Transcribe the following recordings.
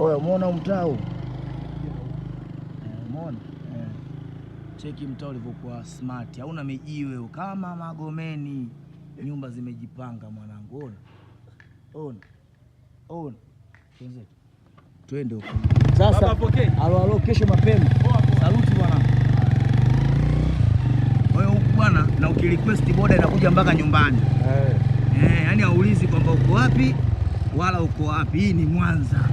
Oya, umeona mtaa huu? Eh, umeona eh. cheki mtaa ulivyokuwa smart, hauna mijiwe kama Magomeni, nyumba zimejipanga mwanangu. Ona, ona, ona, Tuende. Tuende huko sasa. Alo, alo, kesho mapema. Saluti bwana huko bwana, na ukirequest boda inakuja mpaka nyumbani Eh. Eh, yani haulizi kwamba uko wapi wala uko wapi. Hii ni Mwanza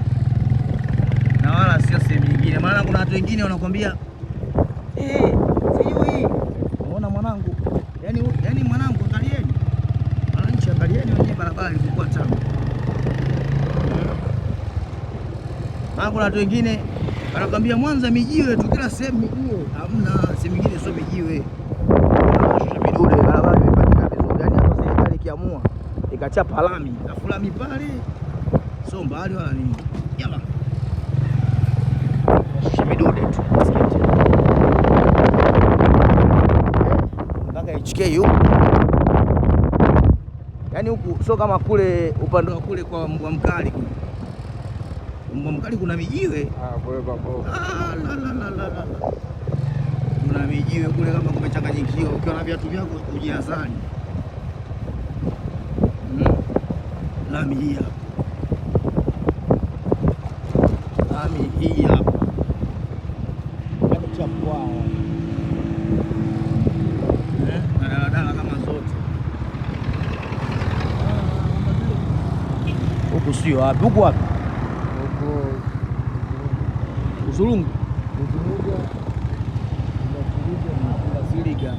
wengine, maana kuna watu wengine wanakuambia eh, sijui unaona mwanangu, yani yani mwanangu, angalieni wananchi, angalieni wenyewe barabara ilikuwa tamu. Maana kuna watu wengine wanakuambia Mwanza mijiwe tu, kila sehemu mijiwe. Hamna sehemu nyingine sio mijiwe, shusha midude, barabara imepangika vizuri. Yani hata serikali ikiamua ikachapa lami, alafu lami pale sio mbali wala nini, yala midude tu mpaka HK huko, yaani huku sio kama kule upande wa kule kwa mbwa mkali. Mbwa mkali kuna mijiwe ah, ah, kuna mijiwe kule, kama kumechanganyikiwa, ukiwa na viatu vyako ujihadhari. Hmm. Lami hii hapa sio? Wapi huko, wapi Uzurungu, Uzurunga, Ziliga.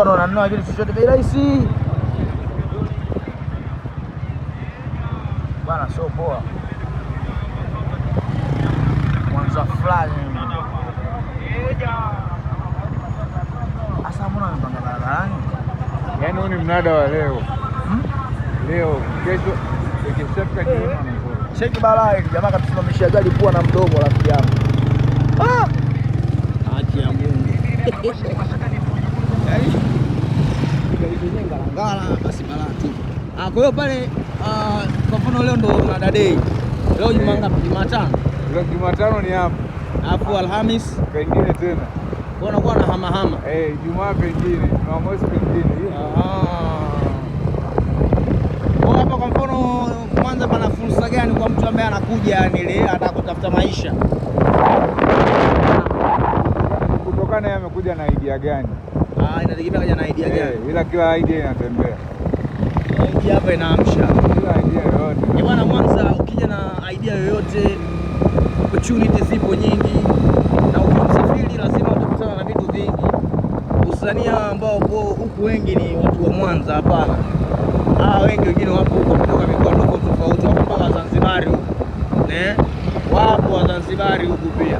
hapa ndo nanunua vile chochote bei rahisi bwana, sio poa mwanza fulani hasa. Mbona amepanga barabarani? Yaani huu ni mnada wa leo hmm? Leo kesho Cheki balaa hili jamaa katusimamishia gari kuwa na mdogo rafiki yangu. Ah! Acha Mungu. kwenye basi Barati. Ah, kwa hiyo pale ah, kwa mfano leo ndo mnada day. Leo juma eh. ngapi? Jumatano. Leo Jumatano ni hapo. Alafu Alhamis pengine tena. Kwa unakuwa na hama hama. Eh, Ijumaa pengine, Jumamosi pengine. Ah. Kwa hapa kwa mfano kwanza pana fursa gani kwa mtu ambaye anakuja yani ile anataka kutafuta maisha? Kutokana yeye amekuja na idea gani? Ah, inategemea kaja na idea gani. Eh, Ila kila idea inatembea. Idea hapa inaamsha. Kila idea yoyote. Eh, bwana Mwanza, ukija na idea yoyote opportunity zipo nyingi na ukimsafiri lazima utakutana na vitu vingi. Usania ambao huku wengi ni watu wa Mwanza hapana. Ah, wengi wengine wapo huko kutoka mikoa tofauti tofauti, wapo mpaka Zanzibar huko. Eh? Wapo Wazanzibari huku pia.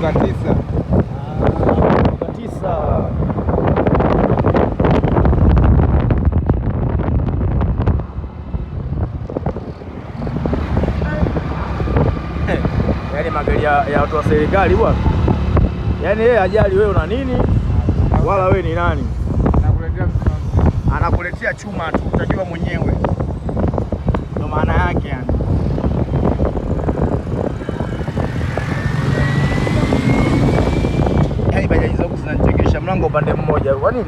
mwaka tisa mwaka tisa yaani magari ya watu wa serikali bwana, yaani yeye ajali wewe una nini wala wewe ni nani, anakuletea chuma tu, utajua mwenyewe. upande mmoja. Kwa nini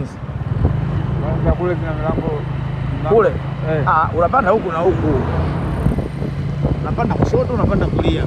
kule kuna milango kule? Eh. Ah, unapanda huku na huku, unapanda kushoto, unapanda kulia.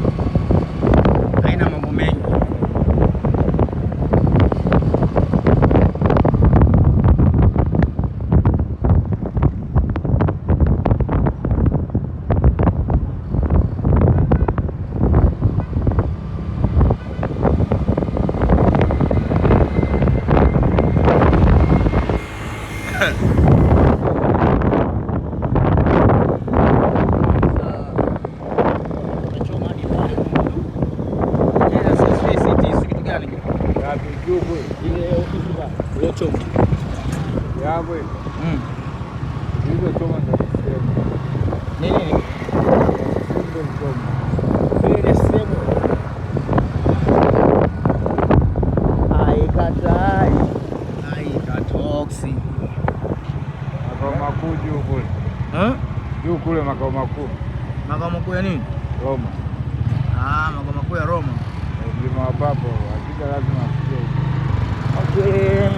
Juu kule makao makuu. Makao makuu ya nini? Roma. Ah, makao makuu ya Roma mlima wa Papo hakika lazima afike okay. Um,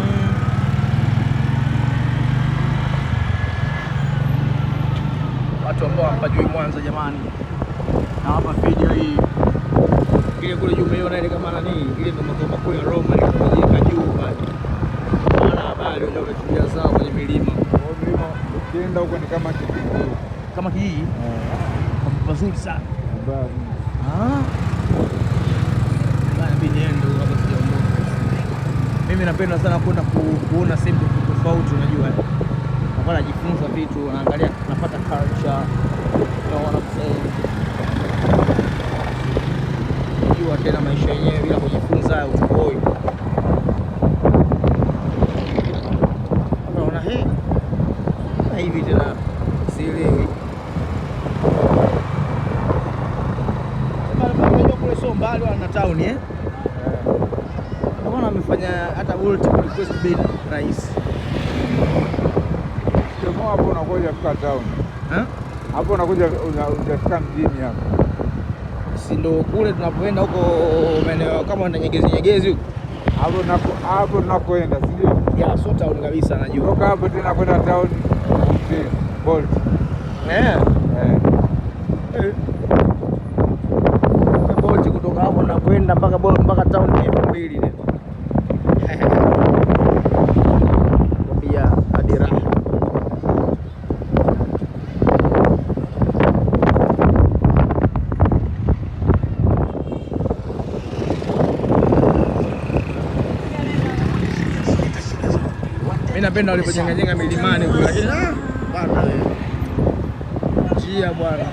watu ambao hawajui Mwanza jamani, na hapa video hii kile kule juu umeiona ile kama nani ile ndio makao makuu ya Roma ile ilikuwa juu pale, Bwana habari ndio wametulia sawa kwenye milima. Mlima ukienda huko ni kama kipindi kama hii. Eh. mazuri sana. Mbaya. Ah yenyewe ndio sijaondoka. Mimi napenda sana kwenda kuona sehemu tofauti, unajua nakuwa najifunza vitu, naangalia, napata culture, unajua tena maisha yenyewe bila kujifunza ukoi unatoka town hapo unakuja unafika mjini hapo, si ndo kule tunapoenda huko maeneo kama na Nyegezi, Nyegezi huko hapo tunakoenda, sio ya so town kabisa. Najua toka hapo tena kwenda town Bolt eh? Eh. eh Bolt, kutoka hapo nakwenda mpaka mpaka town elfu mbili. napenda jenga milimani huko, lakini ah, bwana, njia bwana,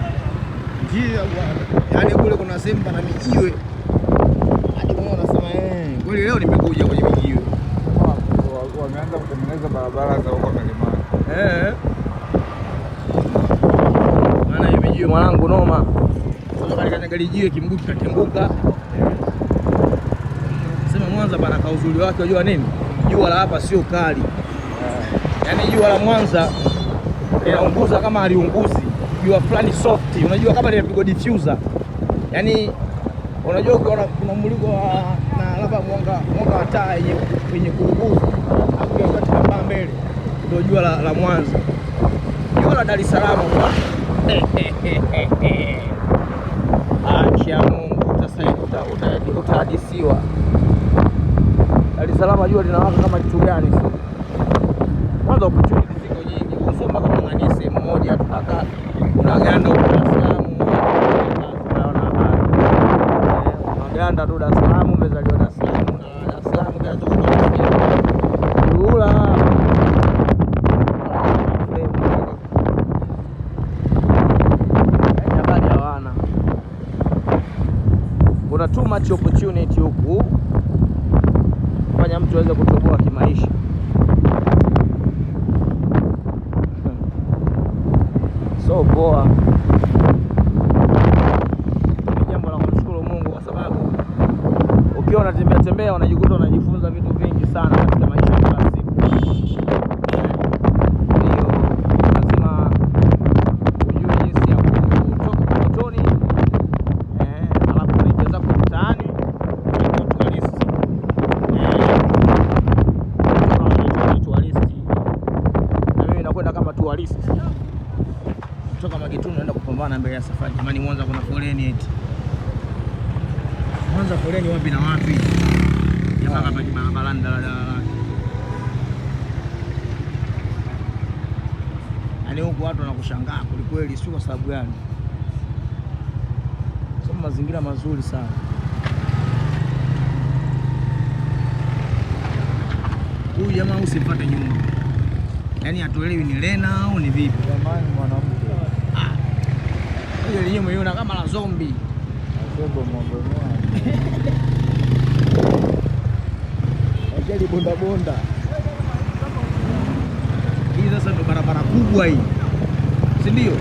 njia bwana, yaani kule kuna sehemu pana mijiwe hadi mimi anasema eh, kweli leo nimekuja kwenye mijiwe. Wameanza kutengeneza barabara za huko milimani eh, maana hiyo mijiwe mwanangu, noma jiwe kimguki katembuka. Sema Mwanza pana kauzuri wake, unajua nini, jua la hapa sio kali. Yaani jua la Mwanza linaunguza kama aliunguzi, jua fulani soft, unajua kama linapigwa diffuser. Yaani unajua ukiona kuna mliko na labda mwanga mwanga wa taa yenye kuunguza au katika paa mbele, ndio jua la, la Mwanza. Jua la Dar es Salaam acha Mungu, utahadisiwa. Dar es Salaam jua linawaka kama kitu gani? za opportunity ziko nyingi, kusoma kama ngani sehemu moja tu, hata unaganda huko Dar es Salaam, unaona eh, unaganda tu Dar so poa. Ni jambo la kumshukuru Mungu kwa sababu ukiwa unatembea tembea unajikuta unajifunza vitu vingi sana. sana mbele ya safari. Jamani, Mwanza kuna foleni eti. Mwanza foleni wapi na wapi? Jamaa ni barabarani daladala Yaani huku watu wanakushangaa kulikweli sio kwa sababu gani? Sio mazingira mazuri sana. Huyu jamaa usipate nyuma, yaani hatuelewi ni lena au ni vipi? Jamani mwana yenyewe mwenyewe na kama la zombi ajali bondabonda hii. Sasa ndo barabara kubwa hii, si ndio?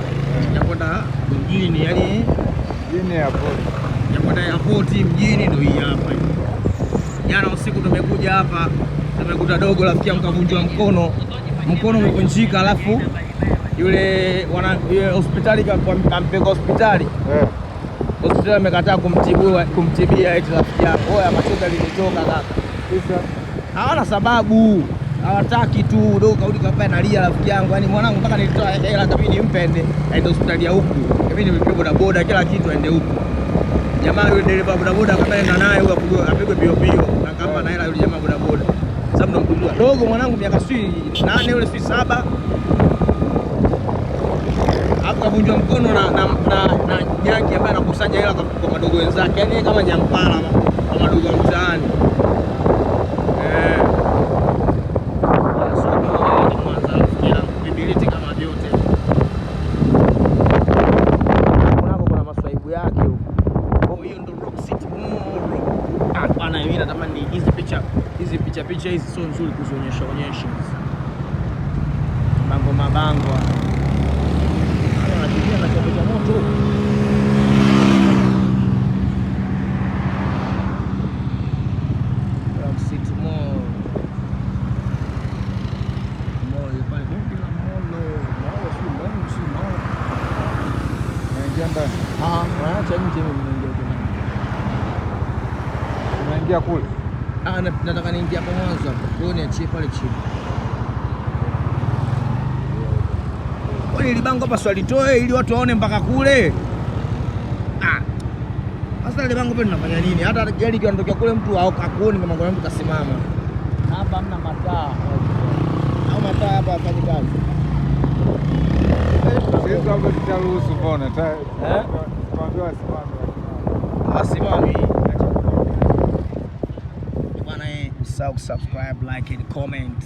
ya kwenda mjini, yani mjini airport, ya kwenda airport mjini, ndo hii hapa. Jana usiku tumekuja hapa, tumekuta dogo lafikia mkavunjwa mkono, mkono umevunjika alafu yule wana yule hospitali kampeka hospitali yeah. Hospitali amekataa kumtibia kumtibia, eti rafiki yako ya machoka limetoka kaka. Hawana sababu, hawataki tu dogo. Kaudi kapa analia rafiki yangu, yani mwanangu mpaka nilitoa hela kabidi nimpe ende aende hospitali ya huku, kabidi nimpe boda kila kitu aende huku. Jamaa yule dereva boda boda bodaboda akaenda naye huko apigwe apigwe bio bio, na akampa eh. na hela yule jamaa boda boda. sababu ndo namkujua dogo mwanangu miaka sijui nane yule sijui saba kavunjwa mkono na na, na, na nyaki ambaye anakusanya hela kwa madogo wenzake, yaani kama nyampala kwa madogo wa mtaani. Eh, ah, hizi picha picha hizi sio nzuri kuzionyesha onyesha, mabango mabango niachie pale chini. Kwani hili bango hapa swalitoe ili watu waone mpaka kule? Ah. Sasa ile bango pale tunafanya nini? Hata gari kinatokea kule mtu akuoni kama ngoma mtu kasimama. Hapa hamna mataa. Au mataa hapa afanye kazi. Sisi hapo tutaruhusu mbona? Eh? Tuambiwa asimame. Asimame. usisahau kusubscribe, like and comment.